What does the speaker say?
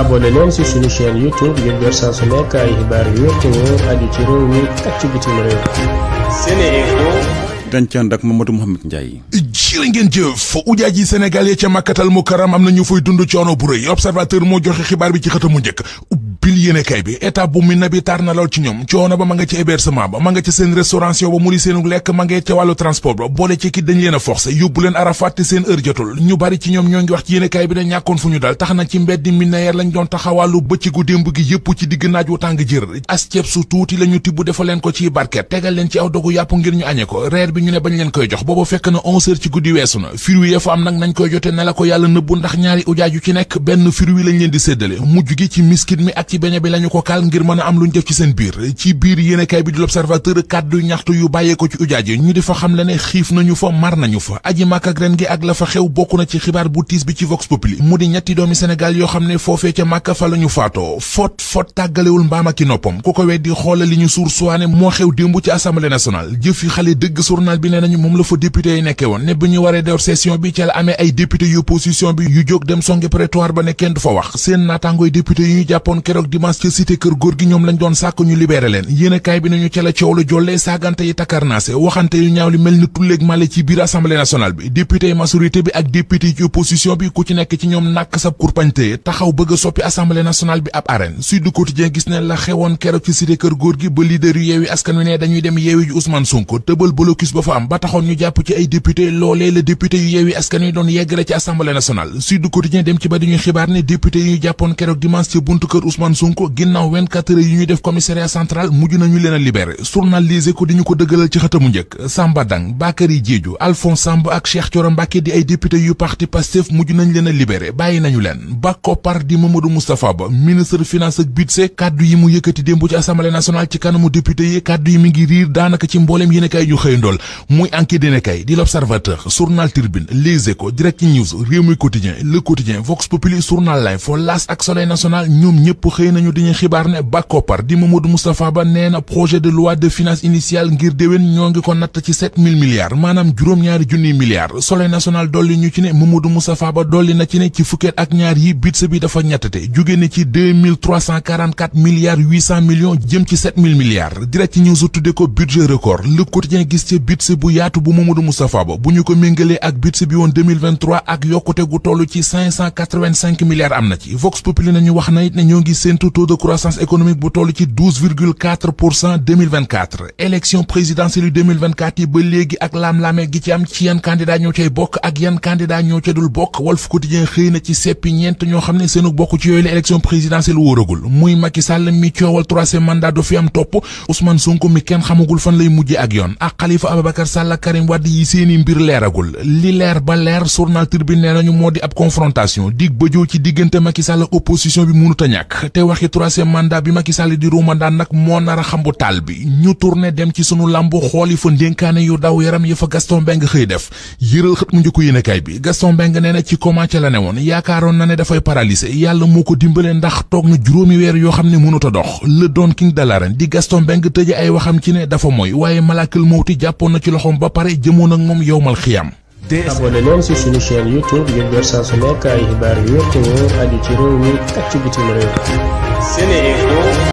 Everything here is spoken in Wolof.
abonné leen ci suñu chaîne YouTube ngir jot saa su nekk ay xibaar yu wér te wóor aju ci réew mi ak ci bitim réew. dañ ci ànd ak Mamadou Mouhamed Ndiaye. jërë ngeen jëf ujaaj yi Sénégal ya ca Makkatal Mukarram am na ñu fay dund coono bu rëy observateur moo joxe xibaar bi ci xëtamu njëkk. yéenekaay bi bu Médina bi tar ci ñoom coono ba ma nga ci hébergement ba ma nga ci seen restauration ba mu di seenu lekk ma nga ca wàllu transport ba boole ci ki leen a yóbbu leen Arafat te seen heure jotul ñu bari ci ñoom ñoo ngi wax ci yéenekaay bi ne ñàkkoon fu ñu dal tax na ci mbeddi Médina ya lañ doon taxawàllu bëccëgu démb gi yëpp ci digg naaj wu tàng jër as tuuti la tibb defal leen ko ci barket tegal leen ci aw dogu yàpp ngir beñe bi lañu ko kal ngir mën a am luñ def ci seen biir ci biir yéenekaay bi di l'observateur kàddu ñaxtu yu bàyyee ci ujaaj ñu di xam le ne xiif nañu fa mar nañu fa aji màkk ren gi ak la fa xew bokk na ci xibaar bu bi ci Vox Populi mu di ñetti doomi Sénégal yoo xam ne foofee ca màkk fa la faatoo fot fot tàggalewul mbaam noppam ku ko weddi xoola li ñu suur suwaane moo xew démb ci assemblée nationale jëf yi xale dëgg journal bi nee nañu dimanche ca cité kër góor gi ñoom lañ doon sàkk ñu libéré leen yéenekaay bi nañu ca la coow la jollee saagante yi takarnaase waxante yu ñaaw li mel ni tulleeg male ci biir assemblée nationale bi député yi bi ak député yi ci opposition bi ku ci nekk ci ñoom nàkk sab kurpañteye taxaw bëgg a soppi assemblée nationale bi ab arène Sud Quotidien gis ne la xewoon keroog ci cité kër góor gi ba leader yu yeewi askan wi ne dañuy dem yeewi ju Ousmane Sonko tëbal blocus ba am ba taxoon ñu jàpp ci ay député loolee la député yu yeewi askan doon yeggale ci assemblée nationale Sud Quotidien dem ci ba dañuy xibaar ne député yi ñu jàppoon keroog dimanche Sonko ginnaaw 24 ñuy def commissariat central mujj nañu leen a libéré journalisé ko di ñu ko dëggalal ci xëtamu njëkk Samba Dang Bakary Diédhiou Alphonse Samb ak Cheikh Thioro Mbacké di ay député yu parti Pastef mujj nañ leen a bàyyi nañu leen bàkko par di Mamadou Moustapha Ba ministre finance ak budget kàddu yi mu yëkkati démb ci assemblée nationale ci kanamu député yi kàddu yi mi ngi riir daanaka ci mbooleem yéenekaay yu xëyandool muy enquête yéenekaay nañu diñu xibaar ne ba koppar di Mamadou Moustapha Ba nee na projet de loi de finance initiale ngir déwén ñoo ngi ko natt ci milliards maanaam juróom-ñaari junniy milliards Soleil national dolli ñu ci ne Mamadou Moustapha Ba dolli na ci ne ci fukkeet ak ñaar yi budget bi dafa ñettate jóge na ci milliards millions jëm ci milliards direct ci su tudde ko budget record Le Quotidien gis ci budget bu yaatu bu Mamadou Moustapha Ba bu ñu ko méngalee weesu taux de croissance économique bu toll ci 12,4 pour cent 2024 élection présidentielle yu 2024 yi ba léegi ak laam-laamee gi ci am ci yan candidat ñoo cay bokk ak yan candidat ñoo ca dul bokk Walf Quotidien xëy na ci seppi ñeent ñoo xam ne seenu bokk ci yooyu la élection présidentielle wóoragul muy Macky mi coowal troisième mandat du fi am topp Ousmane Sonko mi kenn xamagul fan lay mujje ak yoon ak Khalifa Ababacar Sall Karim Wade yi seeni mbir leeragul li leer ba leer journal Tribune nee nañu moo di ab confrontation dig bëjoo ci diggante Macky Sall opposition bi mënut a ñàkk te wax waxi troisième mandat bi Macky Sall di ruumandaan nag moo nar a xam bu taal bi ñu tourné dem ci sunu làmbu xooli fa ndénkaane yu daw yaram yi fa Gaston Mbengue xëy def yëral xët mu njëkk yéenekaay bi Gaston Mbengue nee na ci coma ca la ne woon yaakaaroon na ne dafay paralysé yàlla moo ko dimbale ndax toog na juróomi weer yoo xam ne mënut a dox le Don King de l'arène di Gaston Mbengue tëje ay waxam ci ne dafa moy waaye malaakal mawti jàppoon na ci loxoom ba pare jëmoon ak moom yowmal xiyam abonné leen ci suñu YouTube ngir jot saa su nekk ay xibaar yu wér te wóor ci réew mi ak ci bitim